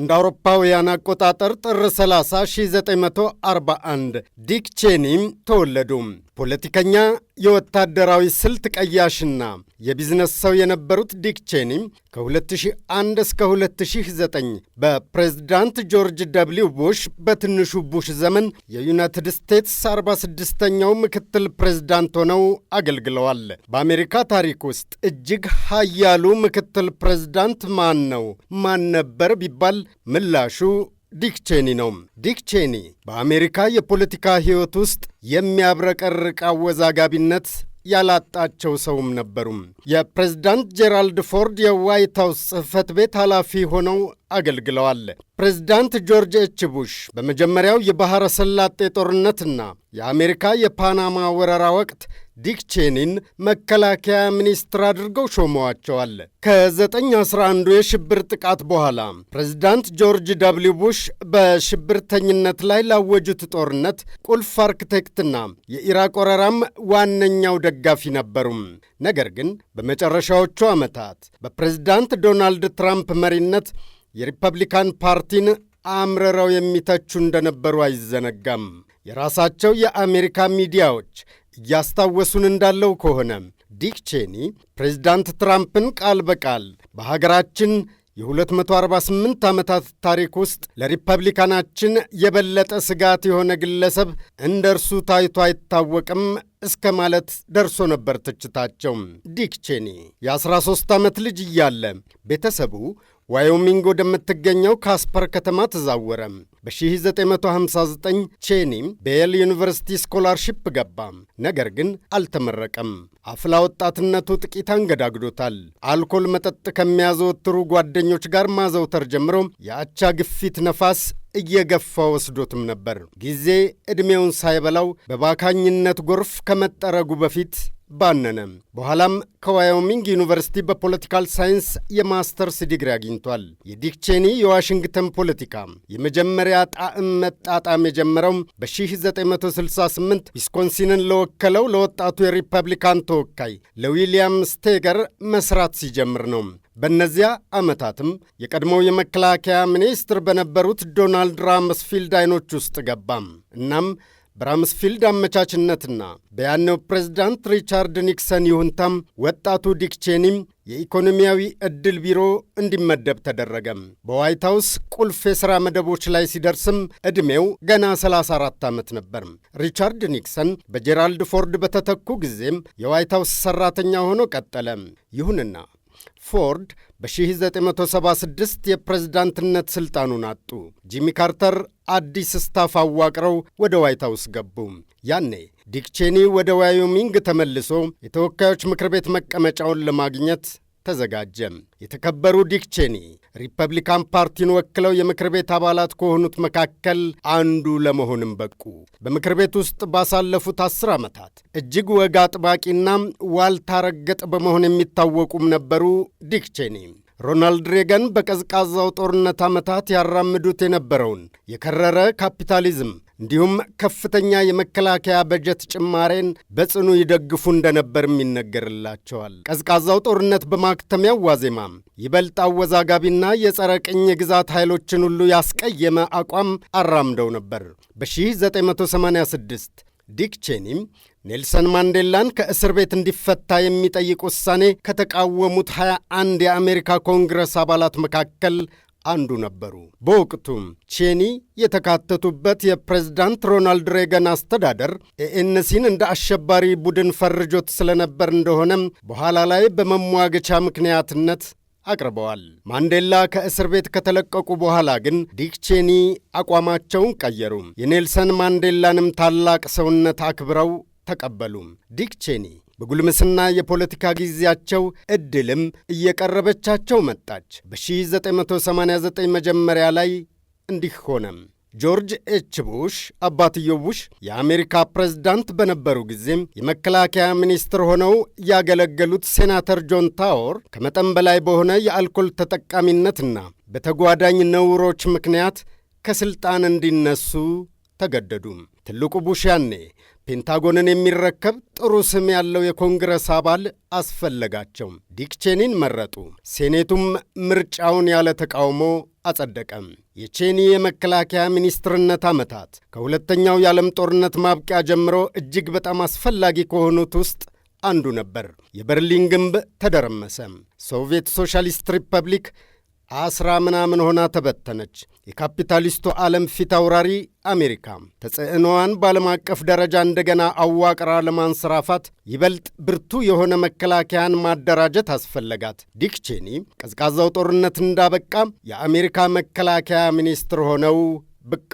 እንደ አውሮፓውያን አቆጣጠር ጥር 30 1941 ዲክ ቼኒም ተወለዱ። ፖለቲከኛ፣ የወታደራዊ ስልት ቀያሽና የቢዝነስ ሰው የነበሩት ዲክ ቼኒ ከ2001 እስከ 2009 በፕሬዝዳንት ጆርጅ ደብሊው ቡሽ በትንሹ ቡሽ ዘመን የዩናይትድ ስቴትስ 46ኛው ምክትል ፕሬዝዳንት ሆነው አገልግለዋል። በአሜሪካ ታሪክ ውስጥ እጅግ ኃያሉ ምክትል ፕሬዝዳንት ማን ነው? ማን ነበር ቢባል ምላሹ ዲክ ቼኒ ነው። ዲክ ቼኒ በአሜሪካ የፖለቲካ ሕይወት ውስጥ የሚያብረቀርቅ አወዛጋቢነት ያላጣቸው ሰውም ነበሩም። የፕሬዝዳንት ጄራልድ ፎርድ የዋይት ሀውስ ጽሕፈት ቤት ኃላፊ ሆነው አገልግለዋል። ፕሬዝዳንት ጆርጅ ኤች ቡሽ በመጀመሪያው የባሕረ ሰላጤ ጦርነትና የአሜሪካ የፓናማ ወረራ ወቅት ዲክ ቼኒን መከላከያ ሚኒስትር አድርገው ሾመዋቸዋል። ከ911ዱ የሽብር ጥቃት በኋላ ፕሬዚዳንት ጆርጅ ደብሊው ቡሽ በሽብርተኝነት ላይ ላወጁት ጦርነት ቁልፍ አርክቴክትና የኢራቅ ወረራም ዋነኛው ደጋፊ ነበሩም። ነገር ግን በመጨረሻዎቹ ዓመታት በፕሬዚዳንት ዶናልድ ትራምፕ መሪነት የሪፐብሊካን ፓርቲን አምርረው የሚተቹ እንደነበሩ አይዘነጋም። የራሳቸው የአሜሪካ ሚዲያዎች እያስታወሱን እንዳለው ከሆነ ዲክ ቼኒ ፕሬዚዳንት ትራምፕን ቃል በቃል በሀገራችን የ248 ዓመታት ታሪክ ውስጥ ለሪፐብሊካናችን የበለጠ ስጋት የሆነ ግለሰብ እንደ እርሱ ታይቶ አይታወቅም እስከ ማለት ደርሶ ነበር ትችታቸው። ዲክ ቼኒ የ13 ዓመት ልጅ እያለ ቤተሰቡ ዋዮሚንግ ወደምትገኘው ካስፐር ከተማ ተዛወረ። በ1959 ቼኒ በየል ዩኒቨርሲቲ ስኮላርሺፕ ገባ። ነገር ግን አልተመረቀም። አፍላ ወጣትነቱ ጥቂት አንገዳግዶታል። አልኮል መጠጥ ከሚያዘወትሩ ጓደኞች ጋር ማዘውተር ጀምሮ የአቻ ግፊት ነፋስ እየገፋ ወስዶትም ነበር። ጊዜ ዕድሜውን ሳይበላው በባካኝነት ጎርፍ ከመጠረጉ በፊት ባነነ። በኋላም ከዋዮሚንግ ዩኒቨርሲቲ በፖለቲካል ሳይንስ የማስተርስ ዲግሪ አግኝቷል። የዲክ ቼኒ የዋሽንግተን ፖለቲካ የመጀመሪያ ጣዕም መጣጣም የጀመረው በ1968 ዊስኮንሲንን ለወከለው ለወጣቱ የሪፐብሊካን ተወካይ ለዊልያም ስቴገር መስራት ሲጀምር ነው። በእነዚያ ዓመታትም የቀድሞው የመከላከያ ሚኒስትር በነበሩት ዶናልድ ራምስፊልድ አይኖች ውስጥ ገባም። እናም በራምስፊልድ አመቻችነትና በያኔው ፕሬዝዳንት ሪቻርድ ኒክሰን ይሁንታም ወጣቱ ዲክ ቼኒም የኢኮኖሚያዊ ዕድል ቢሮ እንዲመደብ ተደረገም። በዋይት ሀውስ ቁልፍ የሥራ መደቦች ላይ ሲደርስም ዕድሜው ገና 34 ዓመት ነበር። ሪቻርድ ኒክሰን በጄራልድ ፎርድ በተተኩ ጊዜም የዋይት ሀውስ ሠራተኛ ሆኖ ቀጠለ። ይሁንና ፎርድ በ1976 የፕሬዝዳንትነት ሥልጣኑን አጡ። ጂሚ ካርተር አዲስ ስታፍ አዋቅረው ወደ ዋይት ሀውስ ገቡ። ያኔ ዲክ ቼኒ ወደ ዋዮሚንግ ተመልሶ የተወካዮች ምክር ቤት መቀመጫውን ለማግኘት ተዘጋጀ። የተከበሩ ዲክ ቼኒ ሪፐብሊካን ፓርቲን ወክለው የምክር ቤት አባላት ከሆኑት መካከል አንዱ ለመሆንም በቁ። በምክር ቤት ውስጥ ባሳለፉት አስር ዓመታት እጅግ ወግ አጥባቂና ዋልታ ረገጥ በመሆን የሚታወቁም ነበሩ ዲክ ቼኒ። ሮናልድ ሬገን በቀዝቃዛው ጦርነት ዓመታት ያራምዱት የነበረውን የከረረ ካፒታሊዝም እንዲሁም ከፍተኛ የመከላከያ በጀት ጭማሬን በጽኑ ይደግፉ እንደነበርም ይነገርላቸዋል። ቀዝቃዛው ጦርነት በማክተሚያው ዋዜማ ይበልጥ አወዛጋቢና የጸረ ቅኝ ግዛት ኃይሎችን ሁሉ ያስቀየመ አቋም አራምደው ነበር። በ1986 ዲክ ቼኒም ኔልሰን ማንዴላን ከእስር ቤት እንዲፈታ የሚጠይቅ ውሳኔ ከተቃወሙት 21 የአሜሪካ ኮንግረስ አባላት መካከል አንዱ ነበሩ። በወቅቱም ቼኒ የተካተቱበት የፕሬዝዳንት ሮናልድ ሬገን አስተዳደር ኤኤንሲን እንደ አሸባሪ ቡድን ፈርጆት ስለነበር እንደሆነም በኋላ ላይ በመሟገቻ ምክንያትነት አቅርበዋል። ማንዴላ ከእስር ቤት ከተለቀቁ በኋላ ግን ዲክ ቼኒ አቋማቸውን ቀየሩ። የኔልሰን ማንዴላንም ታላቅ ሰውነት አክብረው ተቀበሉም ዲክ ቼኒ በጉልምስና የፖለቲካ ጊዜያቸው ዕድልም እየቀረበቻቸው መጣች። በ1989 መጀመሪያ ላይ እንዲህ ሆነም። ጆርጅ ኤች ቡሽ አባትየው ቡሽ የአሜሪካ ፕሬዝዳንት በነበሩ ጊዜም የመከላከያ ሚኒስትር ሆነው ያገለገሉት ሴናተር ጆን ታወር ከመጠን በላይ በሆነ የአልኮል ተጠቃሚነትና በተጓዳኝ ነውሮች ምክንያት ከሥልጣን እንዲነሱ ተገደዱ። ትልቁ ቡሽ ያኔ ፔንታጎንን የሚረከብ ጥሩ ስም ያለው የኮንግረስ አባል አስፈለጋቸው። ዲክ ቼኒን መረጡ። ሴኔቱም ምርጫውን ያለ ተቃውሞ አጸደቀም። የቼኒ የመከላከያ ሚኒስትርነት ዓመታት ከሁለተኛው የዓለም ጦርነት ማብቂያ ጀምሮ እጅግ በጣም አስፈላጊ ከሆኑት ውስጥ አንዱ ነበር። የበርሊን ግንብ ተደረመሰ። ሶቪየት ሶሻሊስት ሪፐብሊክ አስራ ምናምን ሆና ተበተነች። የካፒታሊስቱ ዓለም ፊት አውራሪ አሜሪካ ተጽዕኖዋን በዓለም አቀፍ ደረጃ እንደገና አዋቅራ ለማንሰራፋት ይበልጥ ብርቱ የሆነ መከላከያን ማደራጀት አስፈለጋት። ዲክ ቼኒ ቀዝቃዛው ጦርነት እንዳበቃ የአሜሪካ መከላከያ ሚኒስትር ሆነው ብቅ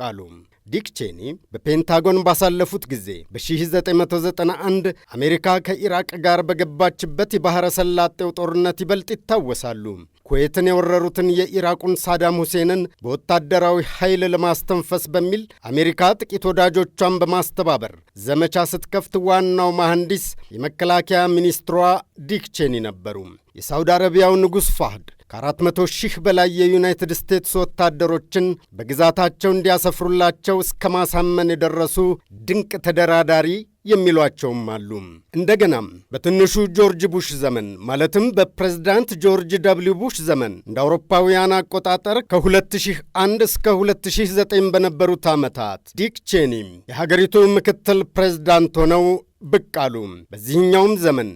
ዲክ ቼኒ በፔንታጎን ባሳለፉት ጊዜ በ1991 አሜሪካ ከኢራቅ ጋር በገባችበት የባሕረ ሰላጤው ጦርነት ይበልጥ ይታወሳሉ። ኩዌትን የወረሩትን የኢራቁን ሳዳም ሁሴንን በወታደራዊ ኃይል ለማስተንፈስ በሚል አሜሪካ ጥቂት ወዳጆቿን በማስተባበር ዘመቻ ስትከፍት ዋናው መሐንዲስ የመከላከያ ሚኒስትሯ ዲክ ቼኒ ነበሩ። የሳውዲ አረቢያው ንጉሥ ፋህድ ከ400 ሺህ በላይ የዩናይትድ ስቴትስ ወታደሮችን በግዛታቸው እንዲያሰፍሩላቸው እስከ ማሳመን የደረሱ ድንቅ ተደራዳሪ የሚሏቸውም አሉ። እንደገናም በትንሹ ጆርጅ ቡሽ ዘመን ማለትም በፕሬዝዳንት ጆርጅ ደብሊው ቡሽ ዘመን እንደ አውሮፓውያን አቆጣጠር ከ2001 እስከ 2009 በነበሩት ዓመታት ዲክ ቼኒ የሀገሪቱ ምክትል ፕሬዝዳንት ሆነው ብቅ አሉ። በዚህኛውም ዘመን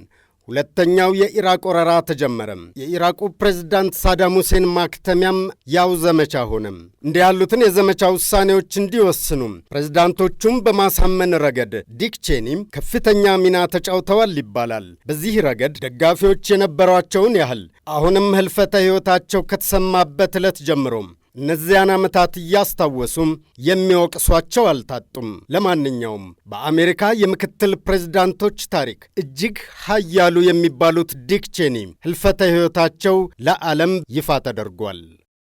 ሁለተኛው የኢራቅ ወረራ ተጀመረም። የኢራቁ ፕሬዝዳንት ሳዳም ሁሴን ማክተሚያም ያው ዘመቻ ሆነም። እንዲህ ያሉትን የዘመቻ ውሳኔዎች እንዲወስኑም ፕሬዝዳንቶቹም በማሳመን ረገድ ዲክ ቼኒም ከፍተኛ ሚና ተጫውተዋል ይባላል። በዚህ ረገድ ደጋፊዎች የነበሯቸውን ያህል አሁንም ህልፈተ ሕይወታቸው ከተሰማበት ዕለት ጀምሮም እነዚያን ዓመታት እያስታወሱም የሚወቅሷቸው አልታጡም። ለማንኛውም በአሜሪካ የምክትል ፕሬዝዳንቶች ታሪክ እጅግ ኃያሉ የሚባሉት ዲክ ቼኒ ህልፈተ ሕይወታቸው ለዓለም ይፋ ተደርጓል።